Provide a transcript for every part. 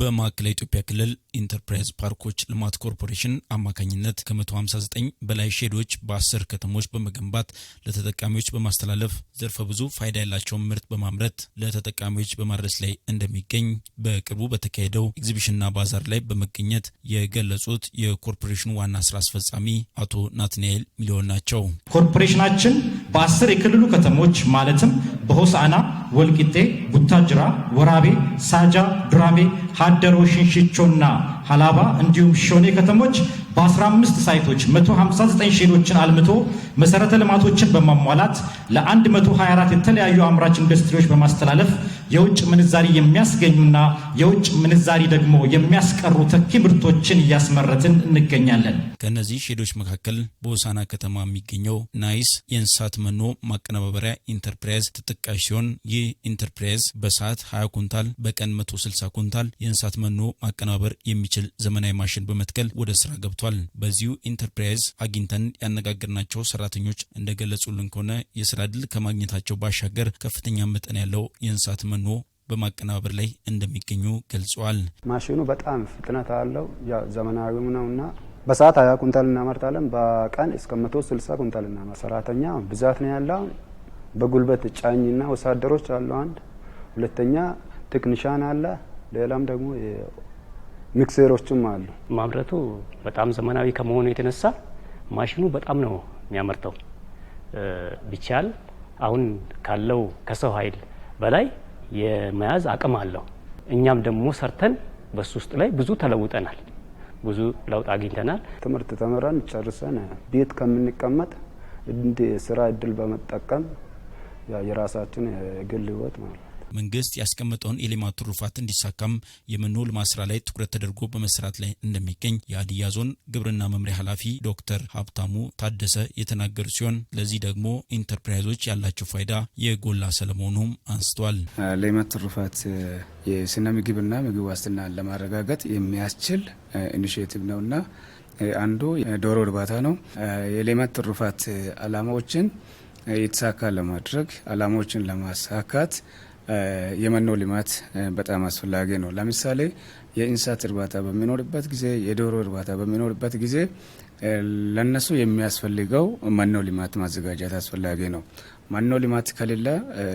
በማዕከላዊ ኢትዮጵያ ክልል ኢንተርፕራይዝ ፓርኮች ልማት ኮርፖሬሽን አማካኝነት ከ159 በላይ ሼዶች በ10 ከተሞች በመገንባት ለተጠቃሚዎች በማስተላለፍ ዘርፈ ብዙ ፋይዳ ያላቸውን ምርት በማምረት ለተጠቃሚዎች በማድረስ ላይ እንደሚገኝ በቅርቡ በተካሄደው ኤግዚቢሽንና ባዛር ላይ በመገኘት የገለጹት የኮርፖሬሽኑ ዋና ስራ አስፈጻሚ አቶ ናትናኤል ሚሊዮን ናቸው። ኮርፖሬሽናችን በ10 የክልሉ ከተሞች ማለትም በሆሳዕና ወልቂጤ፣ ቡታጅራ፣ ወራቤ፣ ሳጃ፣ ዱራሜ፣ ሀደሮ፣ ሽንሽቾና ሀላባ እንዲሁም ሾኔ ከተሞች በ15 ሳይቶች 159 ሼዶችን አልምቶ መሰረተ ልማቶችን በማሟላት ለ124 የተለያዩ አምራች ኢንዱስትሪዎች በማስተላለፍ የውጭ ምንዛሪ የሚያስገኙና የውጭ ምንዛሪ ደግሞ የሚያስቀሩ ተኪ ምርቶችን እያስመረትን እንገኛለን። ከእነዚህ ሼዶች መካከል በሆሳና ከተማ የሚገኘው ናይስ የእንስሳት መኖ ማቀነባበሪያ ኢንተርፕራይዝ ተጠቃሽ ሲሆን ይህ ኢንተርፕራይዝ በሰዓት 20 ኩንታል በቀን 160 ኩንታል የእንስሳት መኖ ማቀነባበር የሚችል ዘመናዊ ማሽን በመትከል ወደ ስራ ገብቷል። በዚሁ ኢንተርፕራይዝ አግኝተን ያነጋገርናቸው ሰራተኞች እንደገለጹልን ከሆነ የስራ ዕድል ከማግኘታቸው ባሻገር ከፍተኛ መጠን ያለው የእንስሳት መኖ ፋኖ በማቀነባበር ላይ እንደሚገኙ ገልጿል። ማሽኑ በጣም ፍጥነት አለው ዘመናዊም ነው እና በሰዓት ሀያ ኩንታል እናመርታለን። በቀን እስከ መቶ ስልሳ ኩንታል እናመር ሰራተኛ ብዛት ነው ያለው። በጉልበት ጫኝና ወሳደሮች አሉ አንድ ሁለተኛ ቴክኒሻን አለ። ሌላም ደግሞ ሚክሴሮችም አሉ። ማምረቱ በጣም ዘመናዊ ከመሆኑ የተነሳ ማሽኑ በጣም ነው የሚያመርተው። ቢቻል አሁን ካለው ከሰው ኃይል በላይ የመያዝ አቅም አለው። እኛም ደግሞ ሰርተን በሱ ውስጥ ላይ ብዙ ተለውጠናል፣ ብዙ ለውጥ አግኝተናል። ትምህርት ተምረን ጨርሰን ቤት ከምንቀመጥ ስራ እድል በመጠቀም የራሳችን የግል ህይወት ማለት መንግስት ያስቀመጠውን የሌማት ትሩፋት እንዲሳካም የመኖ ልማት ስራ ላይ ትኩረት ተደርጎ በመስራት ላይ እንደሚገኝ የሀዲያ ዞን ግብርና መምሪያ ኃላፊ ዶክተር ሀብታሙ ታደሰ የተናገሩ ሲሆን ለዚህ ደግሞ ኢንተርፕራይዞች ያላቸው ፋይዳ የጎላ ስለመሆኑም አንስተዋል። ሌማት ትሩፋት የስነ ምግብና ምግብ ዋስትና ለማረጋገጥ የሚያስችል ኢኒሽቲቭ ነውና አንዱ ዶሮ እርባታ ነው። የሌማት ትሩፋት አላማዎችን የተሳካ ለማድረግ አላማዎችን ለማሳካት የመኖ ልማት በጣም አስፈላጊ ነው። ለምሳሌ የእንስሳት እርባታ በሚኖርበት ጊዜ፣ የዶሮ እርባታ በሚኖርበት ጊዜ ለነሱ የሚያስፈልገው መኖ ልማት ማዘጋጀት አስፈላጊ ነው። መኖ ልማት ከሌለ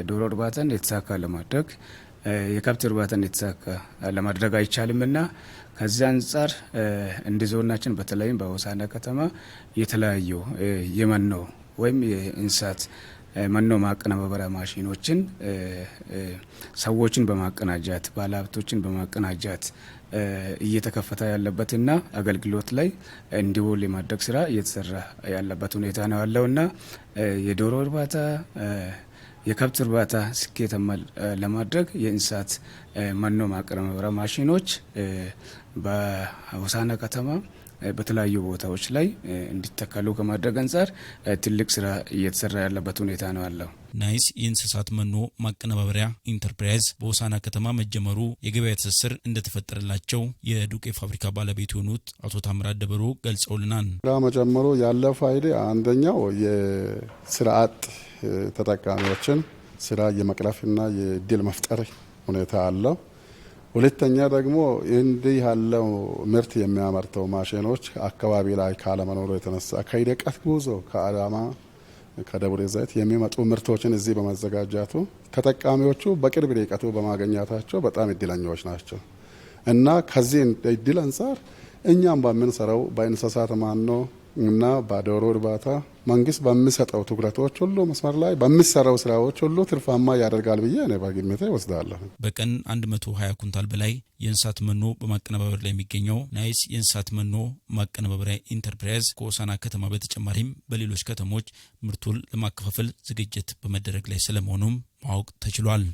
ዶሮ እርባታን የተሳካ ለማድረግ የከብት እርባታን የተሳካ ለማድረግ አይቻልምና ከዚህ አንጻር እንደ ዞናችን በተለይም በሆሳዕና ከተማ የተለያዩ የመኖ ወይም የእንስሳት መኖ ማቀነባበሪያ ማሽኖችን ሰዎችን በማቀናጃት ባለሀብቶችን በማቀናጃት እየተከፈተ ያለበትና አገልግሎት ላይ እንዲውል የማድረግ ስራ እየተሰራ ያለበት ሁኔታ ነው ያለውና የዶሮ እርባታ የከብት እርባታ ስኬታማ ለማድረግ የእንስሳት መኖ ማቀነባበሪያ ማሽኖች በሆሳዕና ከተማ በተለያዩ ቦታዎች ላይ እንዲተከሉ ከማድረግ አንጻር ትልቅ ስራ እየተሰራ ያለበት ሁኔታ ነው ያለው። ናይስ የእንስሳት መኖ ማቀነባበሪያ ኢንተርፕራይዝ በሆሳና ከተማ መጀመሩ የገበያ ትስስር እንደተፈጠረላቸው የዱቄ ፋብሪካ ባለቤት የሆኑት አቶ ታምራት ደበሮ ገልጸውልናል። ስራ መጀመሩ ያለው ፋይዴ አንደኛው የስራ አጥ ተጠቃሚዎችን ስራ የመቅረፍና የድል መፍጠር ሁኔታ አለው። ሁለተኛ ደግሞ እንዲህ ያለው ምርት የሚያመርተው ማሽኖች አካባቢ ላይ ካለመኖሩ የተነሳ ከይደቀት ጉዞ ከአዳማ ከደብረ ዘይት የሚመጡ ምርቶችን እዚህ በማዘጋጃቱ ተጠቃሚዎቹ በቅርብ ርቀቱ በማገኛታቸው በጣም እድለኞች ናቸው እና ከዚህ እድል አንጻር እኛም በምንሰራው በእንስሳት ማኖ እና በዶሮ እርባታ መንግስት በሚሰጠው ትኩረቶች ሁሉ መስመር ላይ በሚሰራው ስራዎች ሁሉ ትርፋማ ያደርጋል ብዬ እኔ በግምቴ ወስዳለሁ። በቀን 120 ኩንታል በላይ የእንስሳት መኖ በማቀነባበር ላይ የሚገኘው ናይስ የእንስሳት መኖ ማቀነባበሪያ ኢንተርፕራይዝ ከሆሳዕና ከተማ በተጨማሪም በሌሎች ከተሞች ምርቱን ለማከፋፈል ዝግጅት በመደረግ ላይ ስለመሆኑም ማወቅ ተችሏል።